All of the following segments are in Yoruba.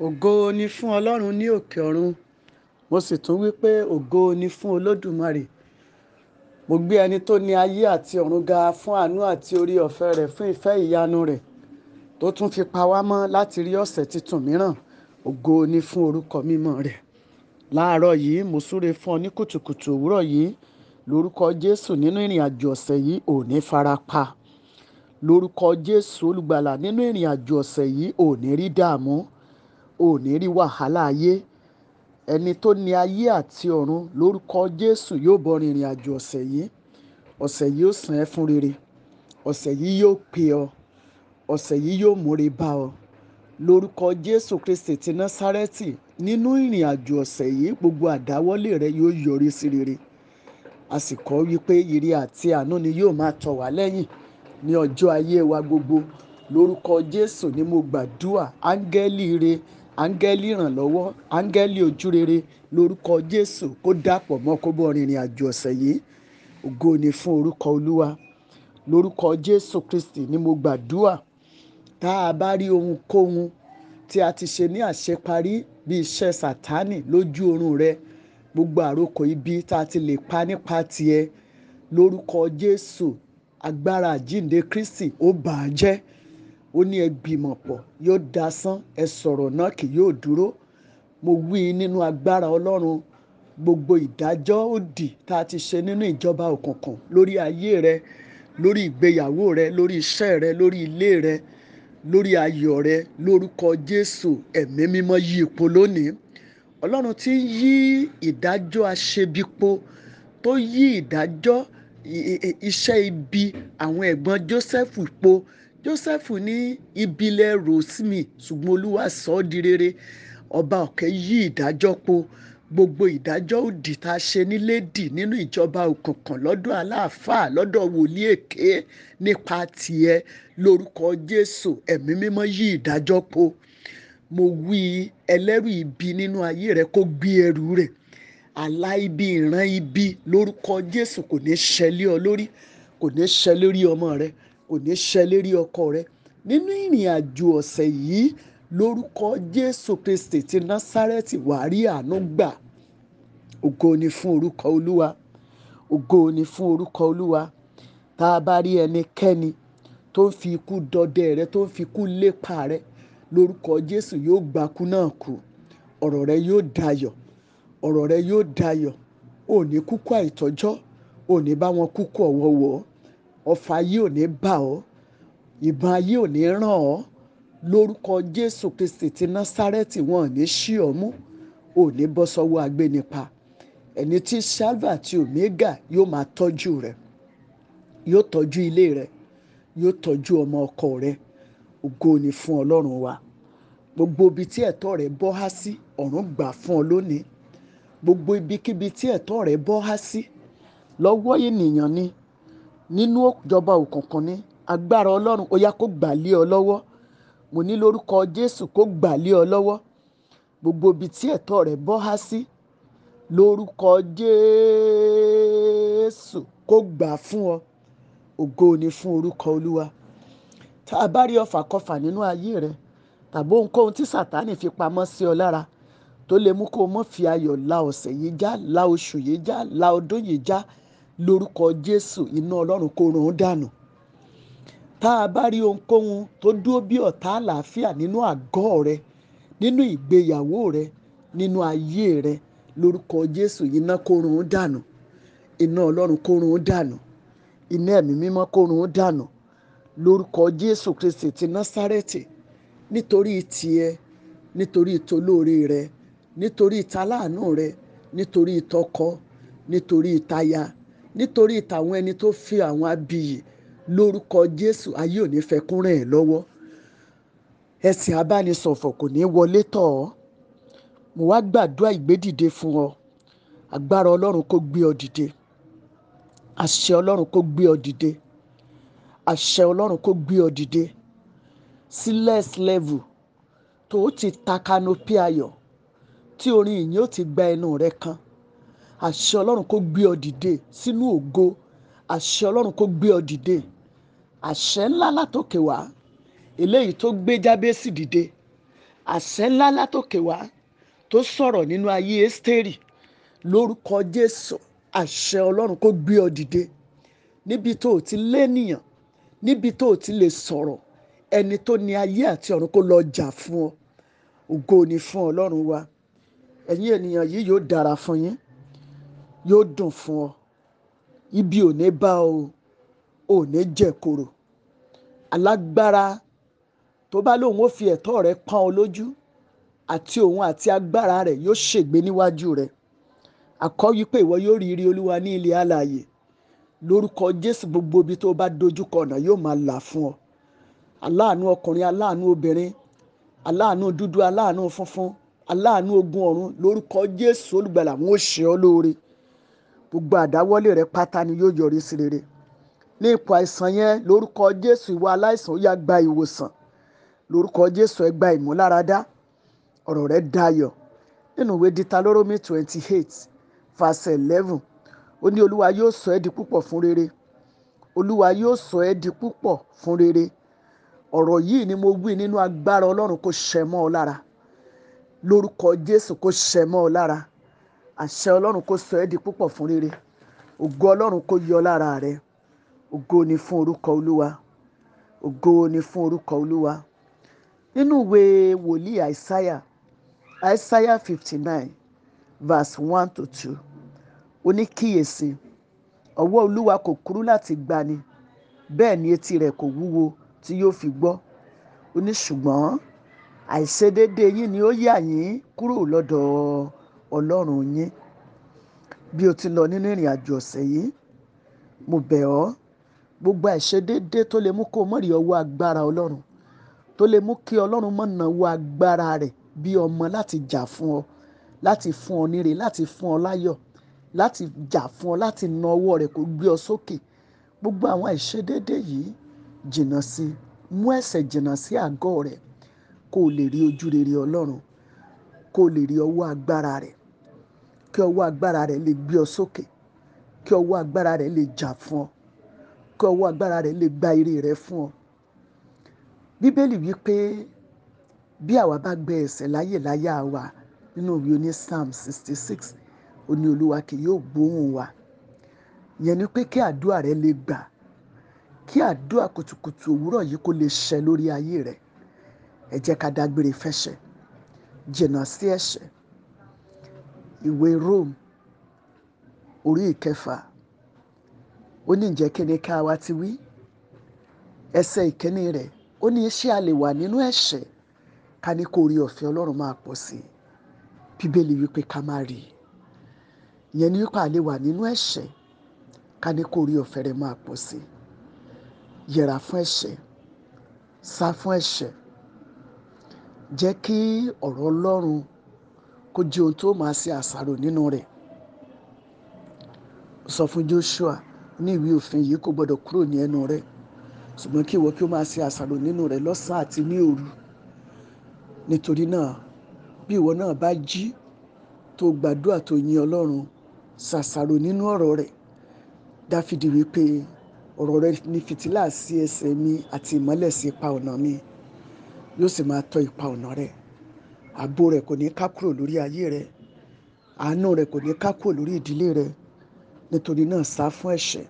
ògo ni fún ọlọ́run ní òkè ọ̀run mo sì tún wí pé ògo ni fún olódùmarè mo gbé ẹni tó ní ayé àti ọ̀run ga fún àánú àti orí ọ̀fẹ́ rẹ̀ fún ìfẹ́ ìyanu rẹ̀ tó tún fi pa wá mọ́ láti rí ọ̀sẹ̀ tuntun mìíràn ògo ni fún orúkọ mímọ́ rẹ̀ láàárọ̀ yìí mo súre fún ọ ní kùtùkùtù òwúrọ̀ yìí lórúkọ jésù nínú ìrìn àjò ọ̀sẹ̀ yìí ò ní fara pa lórúkọ jésù olùgbàlà nínú ìrìn àjò ọ̀sẹ̀ yìí ò ní rí dààmú ò ní rí wàhálà ayé ẹni tó ní ayé àti ọ̀run lórúkọ Jésù yóò bọ́ rìnrìn àjò ọ̀sẹ̀ yìí ọ̀sẹ̀ yìí ó sàn ẹ́ fún rere ọ̀sẹ̀ yìí yóò pè ọ́ ọ̀sẹ̀ yìí yóò múre bá ọ lórúkọ Jésù Kristi ti Násárẹ́tì nínú ìrìn àjò ọ̀sẹ̀ yìí gbogbo àdáwọ́lé rẹ yóò yọrí sí rere a sì kọ́ wípé ire àti àánú ni yóò máa tọ̀ wá lẹ́yìn ní ọjọ́ ayé wa gbogbo lórúkọ Jésù ni mo gbàdúrà áńgẹ́lì ire áńgẹ́lì ìrànlọ́wọ́ áńgẹ́lì ojúrere lórúkọ jésù kó dàpọ̀ mọ́ kó bọ́ rìnrìn àjò ọ̀sẹ̀ yìí ògo ni fún orúkọ olúwa lórúkọ jésù kristi ni mo gbàdúrà tá a bá rí ohunkóhun tí a ti ṣe ní àṣeparí bí iṣẹ́ sátánì lójú oorun rẹ gbogbo àròkọ ibi tá a ti lè pa nípa tiẹ̀ lórúkọ jésù agbára àjíǹde kristi ó bà jẹ́ ó ní ẹ gbìmọ̀ pọ̀ yóò dasán ẹ sọ̀rọ̀ náà kì yóò dúró mo wí nínú agbára ọlọ́run gbogbo ìdájọ́ òdì tá a ti ṣe nínú ìjọba òkùnkùn lórí ayé rẹ lórí ìgbéyàwó rẹ lórí iṣẹ́ rẹ lórí ilé rẹ lórí ayọ̀ rẹ lórúkọ jésù ẹ̀mí mímọ́ yí ipò lónìí ọlọ́run ti yí ìdájọ́ aṣebipo tó yí ìdájọ́ iṣẹ́ ibi àwọn ẹ̀gbọ́n joseph po joseph ní ibilẹ̀ rò sí mi ṣùgbọ́n olúwa sọ ọ́ di rere ọba ọ̀kẹ́ yí ìdájọ́ po gbogbo ìdájọ́ òdì tá a ṣe nílé dì nínú ìjọba òkùnkùn lọ́dọ̀ aláàfáà lọ́dọ̀ wòlíì èké nípa tiẹ̀ lórúkọ jésù ẹ̀mí mímọ́ yí ìdájọ́ po mo wí ẹlẹ́rù ibi nínú ayé rẹ kó gbé ẹrù rẹ̀ àlá ibi ìran ibi lórúkọ jésù kò ní ṣẹlẹ̀ ọ lórí kò ní ṣẹlẹ̀ orí ọmọ rẹ kò ní ṣẹ lérí ọkọ rẹ nínú ìrìn àjò ọ̀sẹ̀ yìí lórúkọ jésù kristi ti násárẹ́tì wàá rí àánú gbà ògo ni fún orúkọ olúwa ògo ni fún orúkọ olúwa tá a bá rí ẹnikẹ́ni tó ń fi ikú dọdẹ rẹ tó ń fi ikú lépa rẹ lórúkọ jésù yóò gbakú náà kú ọ̀rọ̀ rẹ yóò dayọ̀ ọ̀rọ̀ rẹ yóò dayọ̀ òní kúkú àìtọ́jọ́ òní bá wọn kúkú ọ̀wọ́wọ́ ọfà yìí ò ní bà ọ́ ìbọn ayé ò ní ràn ọ́ lórúkọ jésù kristi ti násárẹ́tì wọn ò ní ṣí ọ mú ò ní bọ́ sọ́wọ́ agbénipa ẹni tí salva àti omega yóò máa tọ́jú rẹ yóò tọ́jú ilé rẹ yóò tọ́jú ọmọ ọkọ rẹ ògo ni fún ọlọ́run wa gbogbo ibi tí ẹ̀tọ́ rẹ bọ́ há sí ọ̀run gbà fún ọ lónìí gbogbo ibikíbi tí ẹ̀tọ́ rẹ bọ́ há sí lọ́wọ́ ènìyàn ni. Bo nínú ìjọba òkùnkùn ni agbára ọlọ́run ó yá kó gbà lé ọ lọ́wọ́ mo ní lórúkọ jésù kó gbà lé ọ lọ́wọ́ gbogbo ibi tí ẹ̀tọ́ rẹ̀ bọ́ há sí lórúkọ jésù kó gbà fún ọ ògo ni fún orúkọ olúwa tá a bá rí ọfà kọfà nínú ayé rẹ tàbí ohunkóhun tí sàtánì fi pamọ́ sí ọ lára tó lè mú kó o mọ̀ fi ayọ̀ la ọ̀sẹ̀ yìí já la oṣù yìí já la ọdún yìí já lórúkọ jésù iná ọlọ́run kó run dànù tá a bá rí ohunkóhun tó dúró bí ọ̀tá àlàáfíà nínú àgọ́ rẹ nínú ìgbéyàwó rẹ nínú ayé rẹ lórúkọ jésù iná kó run dànù iná ọlọ́run kó run dànù iná ẹ̀mí mímọ́ kó run dànù lórúkọ jésù kristi ti násárẹ́tì nítorí tiẹ̀ nítorí tolóore rẹ nítorí taláàánú rẹ nítorí tọkọ nítorí taya nítorí tàwọn ẹni tó fi àwọn abiyì lórúkọ Jésù ayé ò ní fẹ́ kún rẹ̀ lọ́wọ́ ẹ̀sìn abánisọ̀fọ̀ kò ní wọlé tọ̀ ọ́ mo wá gbàdúrà ìgbédìde fún ọ agbára Ọlọ́run kó gbé ọ dìde àṣẹ Ọlọ́run kó gbé ọ dìde àṣẹ Ọlọ́run kó gbé ọ dìde sí next level tó ti ta kanopi ayọ̀ tí orin ìyìn ó ti gba ẹnu rẹ kan àṣẹ ọlọ́run kó gbé ọ dìde sínú ògo àṣẹ ọlọ́run kó gbé ọ dìde àṣẹ ńlá látòkè wá eléyìí tó gbé jábésì dìde àṣẹ ńlá látòkè wá tó sọ̀rọ̀ nínú ayé ẹ́sítérì lórúkọ jésù àṣẹ ọlọ́run kó gbé ọ dìde níbi tó o ti lénìyàn níbi tó o ti lè sọ̀rọ̀ ẹni tó ní ayé àti ọ̀run kó lọ jà fún ọ ògo ni fún ọlọ́run wa ẹ̀yin ènìyàn yìí yóò dára fún yín yóò dùn fún ọ ibi ò ní bá o ò ní jẹ koro alágbára tó bá lóun ó fi ẹ̀tọ́ rẹ pọ́n ọ lójú àti òun àti agbára rẹ yóò ṣègbé níwájú rẹ àkọ́ yí pé ìwọ yóò rí ire olúwa ní ilé alààyè lórúkọ jésù gbogbo ibi tó bá dojúkọ ọ̀nà yóò máa là fún ọ aláàánú ọkùnrin aláàánú obìnrin aláàánú dúdú aláàánú funfun aláàánú ogun ọ̀run lórúkọ jésù olùgbàlà wọn ò ṣe ọ lóore gbogbo àdáwọ́lé rẹ pátá ni yóò yọrí sí rere ní ipò àìsàn yẹn lórúkọ jésù ìwà aláìsàn ó yá gba ìwòsàn lórúkọ jésù ẹ gba ìmúláradá ọ̀rọ̀ rẹ dayọ̀ nínú ìwé ditalórómì twenty eight verse eleven ó ní olúwa yóò sọ ẹ́ di púpọ̀ fún rere olúwa yóò sọ ẹ́ di púpọ̀ fún rere ọ̀rọ̀ yìí ni mo wí nínú agbára ọlọ́run kó ṣẹ mọ́ ọ lára lórúkọ jésù kó ṣẹ mọ́ ọ lára àṣẹ ọlọ́run kó sọ ẹ́ di púpọ̀ fún rere ògo ọlọ́run kó yọ lára rẹ ògo ni fún orúkọ olúwa ògo ni fún orúkọ olúwa nínú ìwé wòlíì àìsáyà àìsáyà fifty nine verse one to two ó ní kíyèsí ọwọ́ olúwa kò kúrú láti gbani bẹ́ẹ̀ ni etí rẹ̀ kò wúwo tí yóò fi gbọ́ ó ní ṣùgbọ́n àìṣedéédéé ni ó yà yín kúrò lọ́dọ̀ ọlọ́run yín bí o ti lọ nínú ìrìn àjò ọ̀sẹ̀ yìí mo bẹ̀ ọ́ gbogbo àìṣedéédé tó lè mú kó o mọ̀rì ọwọ́ agbára ọlọ́run tó lè mú kí ọlọ́run mọ̀nà wọ agbára rẹ̀ bí ọmọ láti jà fún ọ láti fún ọ níre láti fún ọ láyọ̀ láti jà fún ọ láti na ọwọ́ rẹ̀ kó gbé ọ sókè gbogbo àwọn àìṣedéédé yìí jìnnà sí mú ẹ̀ṣẹ̀ jìnnà sí àgọ́ rẹ̀ kó o lè rí ojú rere ọlọ́run kó o lè rí ọwọ́ agbára rẹ̀ kí ọwọ́ agbára rẹ̀ lè gbé ọ sókè kí ọwọ́ agbára rẹ̀ lè jà fún ọ kí ọwọ́ agbára rẹ̀ lè gba ire rẹ̀ fún ọ. bíbélì wípé bí àwa bá gbẹ ẹ̀ṣẹ̀ láyè láyà wa nínú ìwé oní psalm sixty six ó ní olúwa kì yóò gbóhùn wa yẹn ni pé kí àdúrà rẹ lè gbà kí àdúrà kùtùkùtù òwúrọ̀ yìí kó lè ṣẹ lórí ayé rẹ ẹ jẹ́ ká dágbére fẹ́ṣẹ̀ jìnnà sí ẹ̀ṣẹ̀ ìwé Rome orí ìkẹfà ó ní ǹjẹ́ kíni ká wa ti wí ẹsẹ̀ ìkíní rẹ̀ ó ní ṣé a lè wà nínú ẹ̀ṣẹ̀ ká ní kó orí ọ̀fẹ́ Ọlọ́run máa pọ̀ sí i bíbélì wípé ká má rí i ìyẹn ní wípé a lè wà nínú ẹ̀ṣẹ̀ ká ní kó orí ọ̀fẹ́ rẹ̀ máa pọ̀ sí i yẹra fún ẹ̀ṣẹ̀ sá fún ẹ̀ṣẹ̀ jẹ́ kí ọ̀rọ̀ ọlọ́run kó jẹ́ ohun tó máa ṣe àṣàrò nínú rẹ̀ sọ fún Joshua ní ìwé òfin yìí kò gbọdọ̀ kúrò ní ẹnu rẹ̀ ṣùgbọ́n kí ìwọ kí o máa ṣe àṣàrò nínú rẹ̀ lọ́sàn àti ní òru nítorí náà bí ìwọ náà bá jí tó gbàdúrà tó yin ọlọ́run ṣàṣàrò nínú ọ̀rọ̀ rẹ̀ dáfídì wípé ọ̀rọ̀ rẹ̀ ni fìtílà sí ẹsẹ̀ mi àti ìmọ́lẹ̀ sí ipa ọ̀nà mi yóò sì máa tọ́ ipa ọ̀nà rẹ̀ ààbò rẹ̀ kò ní ká kúrò lórí ayé rẹ̀ àánú rẹ̀ kò ní ká kúrò lórí ìdílé rẹ̀ nítorí náà sá fún ẹ̀ṣẹ̀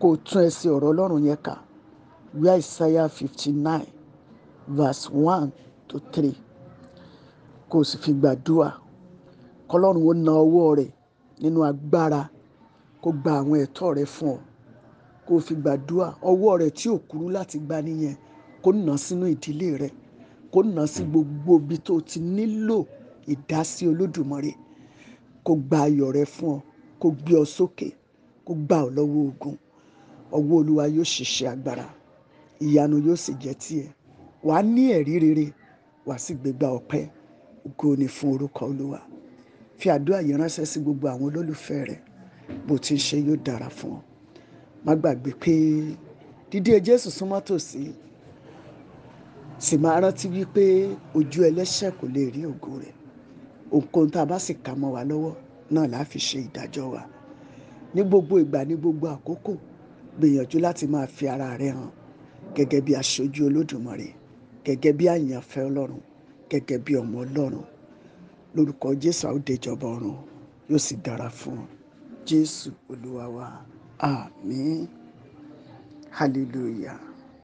kó o tún ẹsẹ̀ ọ̀rọ̀ ọlọ́run yẹn kà wíwá ìsáyà fifty nine verse one to three kó o sì fi gbàdúrà kọlọ́run ó na ọwọ́ rẹ̀ nínú agbára kó gba àwọn ẹ̀tọ́ rẹ̀ fún ọ kó o fi gbàdúrà ọwọ́ rẹ̀ tí ò kúrú láti gba nìyẹn kó nà sínú ìdílé rẹ kó nà sí hmm. gbogbo ibi tó ti nílò ìdásí olódùmarè kó gba ayọ̀ rẹ fún ọ kó gbé ọ sókè kó gbà ọ lọ́wọ́ ogun ọwọ́ olúwa yóò ṣiṣẹ́ agbára ìyanu yóò sì jẹ́ tiẹ̀ wàá ní ẹ̀rí rere wàá sì gbégbá ọpẹ́ ògo ni fún orúkọ olúwa fi àdúrà yìí ránṣẹ́ sí gbogbo àwọn olólùfẹ́ rẹ bó ti ń ṣe yóò dára fún ọ má gbàgbé pé dídé jésù súnmọ́ tòsí sì máa rántí wípé ojú ẹlẹ́ṣẹ̀ kò lè rí ògo rẹ̀ ohunkóhun tá a bá sì kà mọ́ wa lọ́wọ́ náà la fi ṣe ìdájọ́ wa ní gbogbo ìgbà ní gbogbo àkókò gbìyànjú láti máa fi ara rẹ hàn gẹ́gẹ́ bí aṣojú olódùmarè gẹ́gẹ́ bí àyànfẹ́ ọlọ́run gẹ́gẹ́ bí ọmọ ọlọ́run lórúkọ jésù àódéjọba ọ̀run yóò sì dára fún jésù olúwa wa àmín hallelujah.